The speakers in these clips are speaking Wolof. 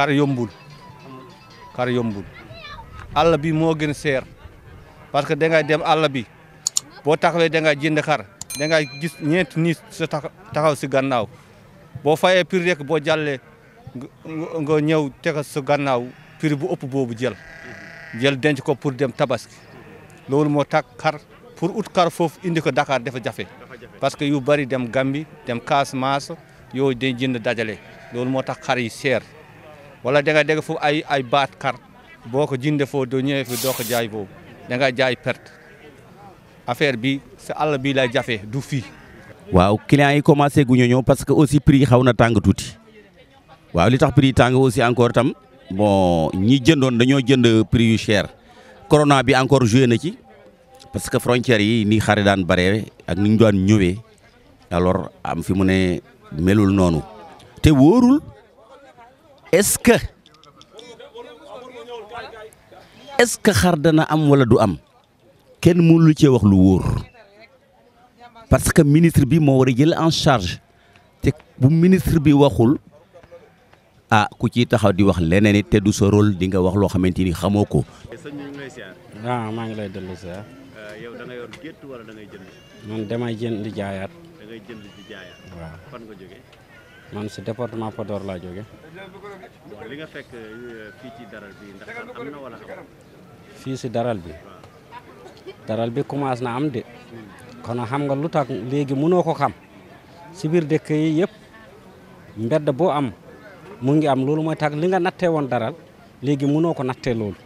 xar yombul xar yombul àll bi moo gën seer parce que da ngay dem àll bi boo taxawee da ngay jënd xar da gis ñeenti ni sa taxaw si gannaaw boo fayee prix rek boo jàllee nga ñëw teg sa gannaaw prix bu ëpp boobu jël jël denc ko pour dem tabaski loolu moo tax xar pour ut xar foofu indi ko Dakar dafa jafe parce que yu bari dem Gambie dem Casamance yooyu day jënd dajale loolu moo tax xar yi seer wala da nga dégg foofu ay ay baat kar boo ko jëndee foofu doo ñëwee doo ko jaay boobu da jaay perte affaire bi sa àll bii lay jafe du fi waaw clients yi commencé guñu ñëw parce que aussi prix xaw na tàng tuuti waaw li tax prix tàng aussi encore tam bon ñi jëndoon dañoo jënd prix yu cher corona bi encore joué na ci parce que frontières yi ni xare daan bare ak ni ñu daan ñëwee alors am fi mu ne melul noonu te wóorul. est-ce que est-ce que xar dana am wala du am kenn mënu lu cee wax lu wóor parce que ministre bi moo war a jël en charge te bu ministre bi waxul ah ku ciy taxaw di wax leneen it te du sa rôle di nga wax loo xamante ni xamoo ko. sëñ ah, maa ngi lay dellu yow da nga wala da ngay jënd. man damay jënd di jaayaat. da ngay jënd man si département podoor laa jóge li nga fekk euh, fii ci daral bi si daral bi daral bi commencé na am de kon xam nga lu tax léegi mënoo ko xam si biir dëkk yi yëpp mbedd boo am mu ngi am loolu mooy tax li nga nattee woon daral léegi munoo ko nattee loolu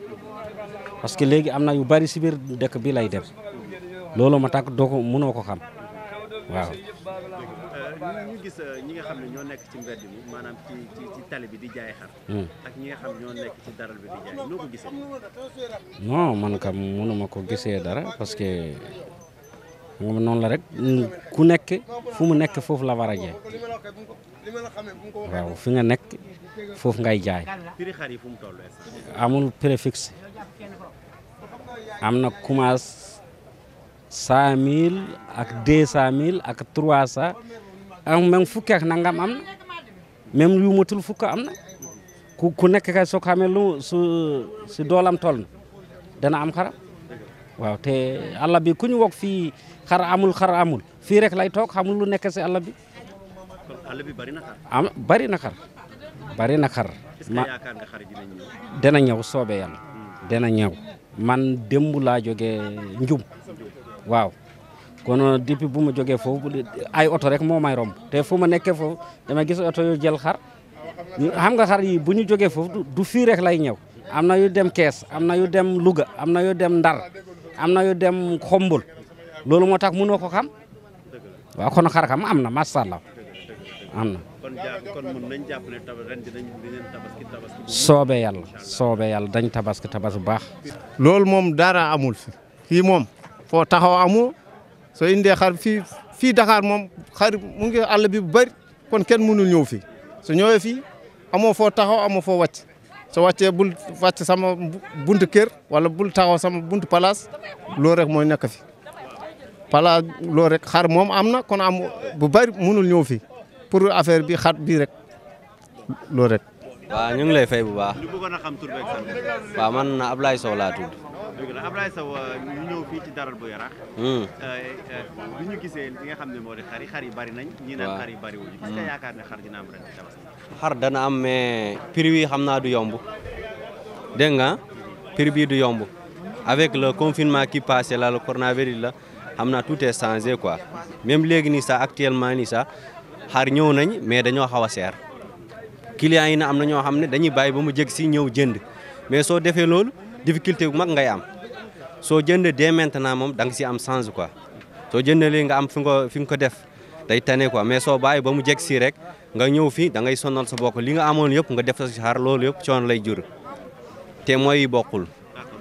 parce que léegi am na yu bari si biir dëkk bi lay dem loolu ma tax doo ko mënoo ko xam waaw ñu gis euh, ñi nga xam ne ñoo nekk ci mbedd mi maanaam ci tali bi di jaay xar. Hmm. ak nekk ci daral bi di jaay ko gisee. non man kam mënuma ko gisee dara parce que moom noonu la rek ku nekk fu mu nekk foofu la war a jaay waaw fi nga nekk foofu ngay jaay. prix xar mu toll amul am na commence cent mille ak deux cent mille ak trois cent am même fukki ak nangam am na même yu fukk am na ku ku nekk kay soo ko lu su si doolam toll na dana am xaram waaw te àll bi ku ñu wok fii xar amul xar amul fii rek lay toog xamul lu nekk si àll bi. bari na xar. am bari na xar bari na xar. ma yaakaar nga xar dina dana ñëw soobee hmm. ñëw man démb laa jógee njum waaw. kon depuis bu ma jógee foofu ay oto rek moo may romb te fu ma nekkee foofu damay gis oto yu jël xar xam nga xar yi bu ñu jógee foofu du fii rek lay ñëw am na yu dem Kees am na yu dem Louga am na yu dem Ndar am na yu dem Xombol loolu moo tax munoo ko xam waaw kon xar xam am na macha allah am na. kon kon mën soobee yàlla soobee yàlla dañ tabaski tabaski bu baax. loolu moom dara amul fi fii moom foo taxaw amul. so indee xar fii fii Dakar moom xar mu ngi àll bi bu bari kon kenn mënul ñëw fii su ñëwee fii amoo foo taxaw amoo foo wàcc so wàccee bul wàcc sama bunt kër wala bul taxaw sama buntu palaas loolu rek mooy nekk fi palaas loolu rek xar moom am na kon am bu bari mënul ñëw fii pour affaire bi xar bii rek loolu rek. ñu ngi lay fay bu baax. ñu a xam tur beeg sant. waaw Sow laa tudd. dëgg la Ablaye Sow euh, ñu ñëw fii ah. hmm. euh, euh, gisee li nga xam ne moo di xar yi bari nañ. waaw ñii naan hmm. yaakaar ne xar dina am ren ci dana am mais prix bi xam naa du yomb dégg nga prix bi du yomb avec le confinement qui passé là le coronavirus la xam naa tout est changé quoi même léegi nii sax actuellement nii sax xar ñëw nañ mais dañoo xaw a seer clients yi na am na ñoo xam ne dañuy bàyyi ba mu jég si ñëw jënd mais soo defee loolu. difficulté bu mag ngay am soo jëndee dès maintenant moom da nga si am change quoi soo jëndee lii nga am fi nga fi nga ko def day tane ko mais soo bàyyi ba mu jeg sii rek nga ñëw fi da ngay sonal sa bokk li nga amoon yëpp nga def si xar loolu yëpp coono lay jur te mooy bokkul.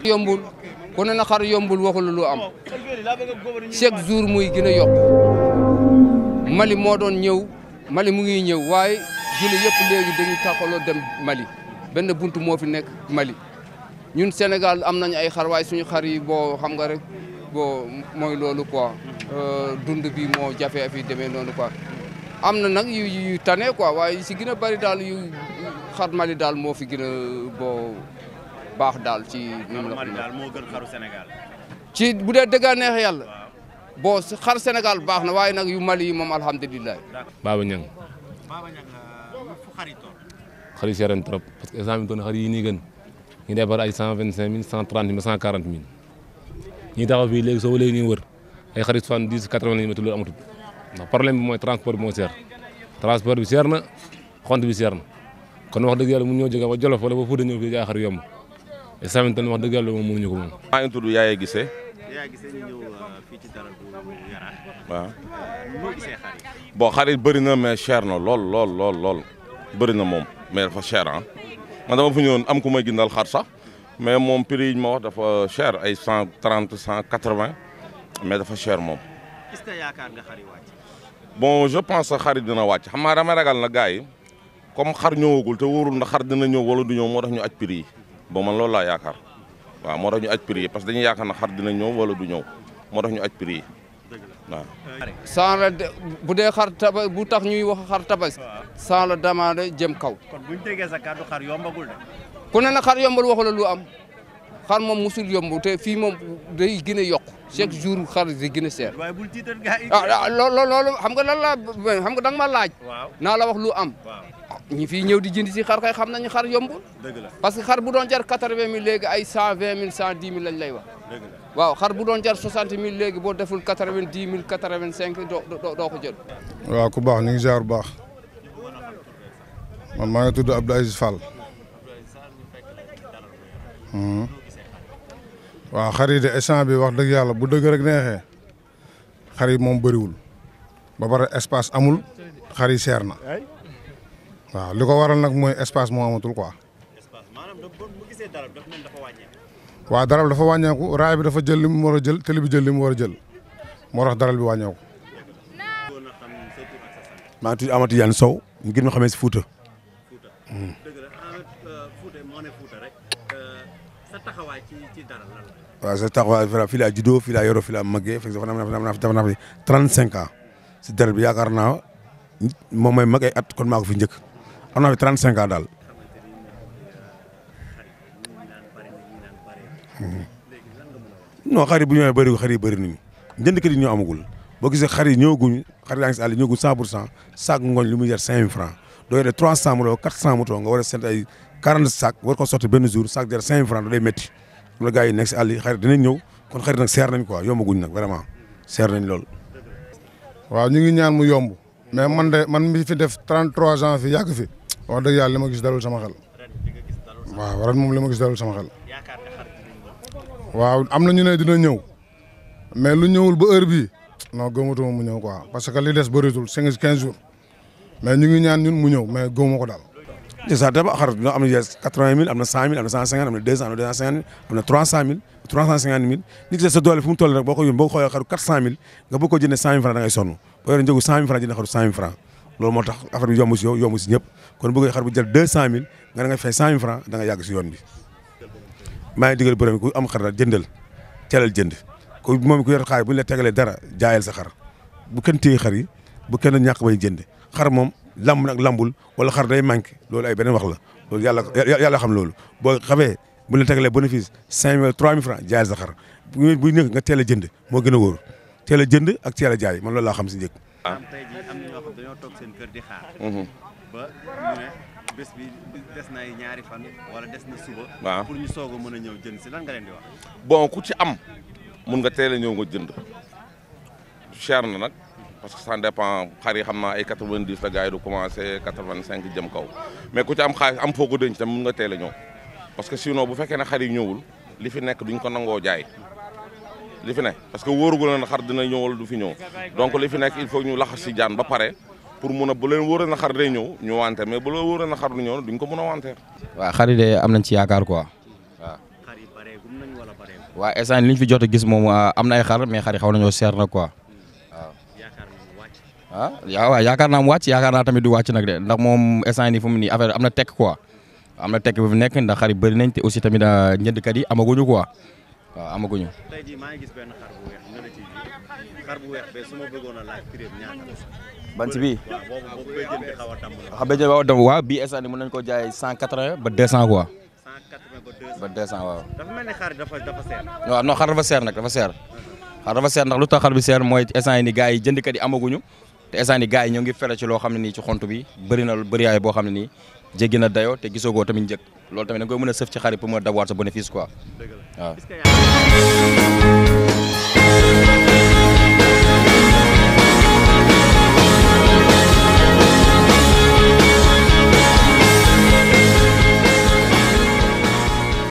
yombul ku ne na xar yombul waxul lu am chaque jour muy gën a yokk Mali moo doon ñëw Mali mu ngi ñëw waaye julli yëpp léegi dañuy tàqaloo dem Mali benn bunt moo fi nekk Mali. ñun Sénégal am nañu ay xar waaye suñu xar yi boo xam nga rek boo mooy loolu quoi euh, dund bi moo jafe fi demee noonu quoi am na nag yu yu tane quoi waaye si gën a bari daal yu xar Mali daal moo fi gën a boo baax daal ci. ñoom la daal moo gën xaru Sénégal. ci bu dee dëgg neex yàlla. boo xar Sénégal baax na waaye nag yu Mali yi moom alhamdulilah. Baba Niang. Baba Niang euh, fu xar yi toll. xar yi trop parce que instant bi doon yi nii gën. ñu defar ay cent vingt cinq mille cent trente mille cent quarante mille ñuy taxaw fii léegi soo walee ñuy wër ay xarit soixante-dix quatre-vingt lañu métti loolu amatul ndax bi mooy transport bi moo seer transport bi seer na xont bi seer na kon wax dëgg yàlla mu ñëw jóge ba Jolof wala ba Fuuta ñëw fii jaay xar yomb et samit wax dëgg yàlla moom mënuñu ko moom. maa ngi tudd Yaaya Gise. Yaaya Gise ñu ñëw euh, fii euh, noo bëri na mais cher na lool lool lool lool bëri na moom mais dafa cher ah. man dama fu ñëwoon am ku may gindal xar sax mais moom prix yi ma wax dafa cher ay cent trente cent quatre vingt mais dafa cher moom. yaakaar nga bon je pense que dina wàcc xam naa dama ragal na gars yi comme xar ñëwagul te wóorul na xar dina ñëw wala du ñëw moo tax ñu aj prix yi bon ma loolu laa yaakaar waaw moo tax ñu aj prix yi parce que dañuy yaakaar na xar dina ñëw wala du ñëw moo tax ñu aj prix yi. waaw. sans la bu dee xar taba bu tax ñuy wax xar tabaski. sans la demande jëm kaw. kon bu ñu déggee sa kàddu xar yombagul de. ku ne na xar yombal waxu la lu am xar moom musul yomb te fii moom day gën a yokk chaque jour xar di gën a seer. waaye bul tiital gaa yi. ah, ah loolu loolu xam nga lan laa xam nga danga ma laaj. naa la wax lu am. ñi fii ñëw di jënd si xar kay xam nañu xar yombul. dëgg la parce que xar bu doon jar quatre-vingt mille léegi ay cent vingt mille cent dix mille lañ lay wax. waaw xar bu doon jar soixante mille léegi boo deful quatre vingt dix mille quatre vingt cinq doo ko waaw ku baax ñu ngi jaar bu baax man maa ngi tudd Abdou Aziz Fall. Hmm. waaw xar yi de échange bi wax dëgg yàlla bu dëgg rek neexee xar yi moom bariwul ba pare espace amul xar yi seer na waaw li ko waral nag mooy espace moo amatul quoi. waa daral dafa wàññeeku raay bi dafa jël li mu war a jël télé bi jël li mu war a jël moo tax daral bi wàññeeku. maa ngi tudd Amath Tidiane Sow ñu gën ma xamee si Fouta. waaw sa taxawaay fi la fii laa juddoo fii laa yoroo fii laa màggee fekk ans si daral bi yaakaar naa moom mooy mag ay at kon maa fi njëkk am naa fi 35 ans daal. no xar yi bu ñëwee bëri xar yi bëri nañu jëndkat yi ñoo amagul boo gisee xar yi ñëwaguñ xar yaa ngi si àll ñëwaguñ 100 pour cent sac ngooñ li muy jar 5000 francs doo yore 300 moto 400 moto nga war a seet ay 40 sac war ko sotti benn jour sac jar 5000 francs da day métti loolu gars yi nekk si àll yi xar dinañ ñëw kon xar nag seer nañ quoi yombaguñ nag vraiment seer nañ lool. waaw ñu ngi ñaan mu yomb mais man de man mi fi def 33 ans fi yàgg fi wax yàlla li ma gis dalul sama xel waaw ren moom li ma gis dalul waaw am na ñu ne dina ñëw mais lu ñëwul ba heure bii non gëmatuma mu ñëw quoi parce que li des bëritul cinq quinze jours mais ñu ngi ñaan ñun mu ñëw mais gëmuma ko daal. déjà dama xar dina am na am na cent mille am na trois cent mille trois sa doole fu toll rek boo ko yóbbu boo ko xoolee xaru quatre cent mille nga bëgg ko jëndee cent mille franc da ngay sonn boo yoree njëgu cent mille franc jëndee xaru cent mille franc loolu moo tax affaire bi yomb si yow yomb si ñëpp kon bëgg xar bu jël deux cent mille nga da maa ngi digal borom ku am xar daal jëndal calal jënd ku moom ku yor xaar bu ñu la tegalee dara jaayal sa xar bu kenn téye xar yi bu kenn ñàkk bay jënd xar moom lamb nag lambul wala xar day manqué loolu ay beneen wax la loolu yàlla xam loolu boo xamee bu la tegalee bénéfice cinq mille trois mille francs jaayal sa xar bu bu nekk nga teel a jënd moo gën a wóor teel a jënd ak teel a jaay man loolu laa xam si njëkk. waaw am tey jii am bés bi des na ay ñaari fan wala des na suba. waaw ñu soog a mën a ñëw jënd si lan nga leen bon ku ci am mun nga teel a ñëw nga jënd cher na nag parce que ça dépend xar yi xam naa ay quatre vingt dix la du commencé quatre vingt cinq kaw mais ku ci am xaalis am foo ko denc mun nga teel a ñëw parce que sinon bu fekkee ne xar yi ñëwul li fi nekk duñ ko nangoo jaay. li fi ne parce que wóorugul na xar dina ñëw wala du fi ñëw donc li fi nekk il faut ñu laxas si jaan ba pare. pour mun a bu a wóor na xar ñëw ñu mais bu leen wóor du ñëw duñ ko mun a wanteer. waaw xar yi am nañ ci yaakaar quoi waaw. xar yi wala bareegum. waaw instant li ñu fi jot a gis moom ah, am na ay xar mais xar yi xaw nañoo seer na quoi. ah waaw yaakaar naa mu wàcc yaakaar naa tamit du wàcc nag de ndax moom instant nii fu mu affaire am na tekk quoi am na tekk bu fi nekk ndax xar yi bëri nañ te aussi tamit ah, njëndkat yi amaguñu quoi waaw amaguñu. tey jii xar bu weex bee waaw bi xaw a damm bi xaw a damm waaw nañ ko jaay cent quatre-vingt ba deux cent quoi ba deux cent ba deux cent waaw dafa xar dafa seer nag dafa seer xar dafa seer ndax lu tax xar bi seer mooy instant yi ni gars yi jëndkat yi amaguñu te instant yi gars yi ñoo ngi fere ci loo xam ne nii ci xont bi bëri na bëriyaay boo xam ne nii jéggi na dayoo te gisagoo tamit njëkk loolu tamit da nga koy mën a sëf ci xarit pour mën a dawaat sa bénéfice quoi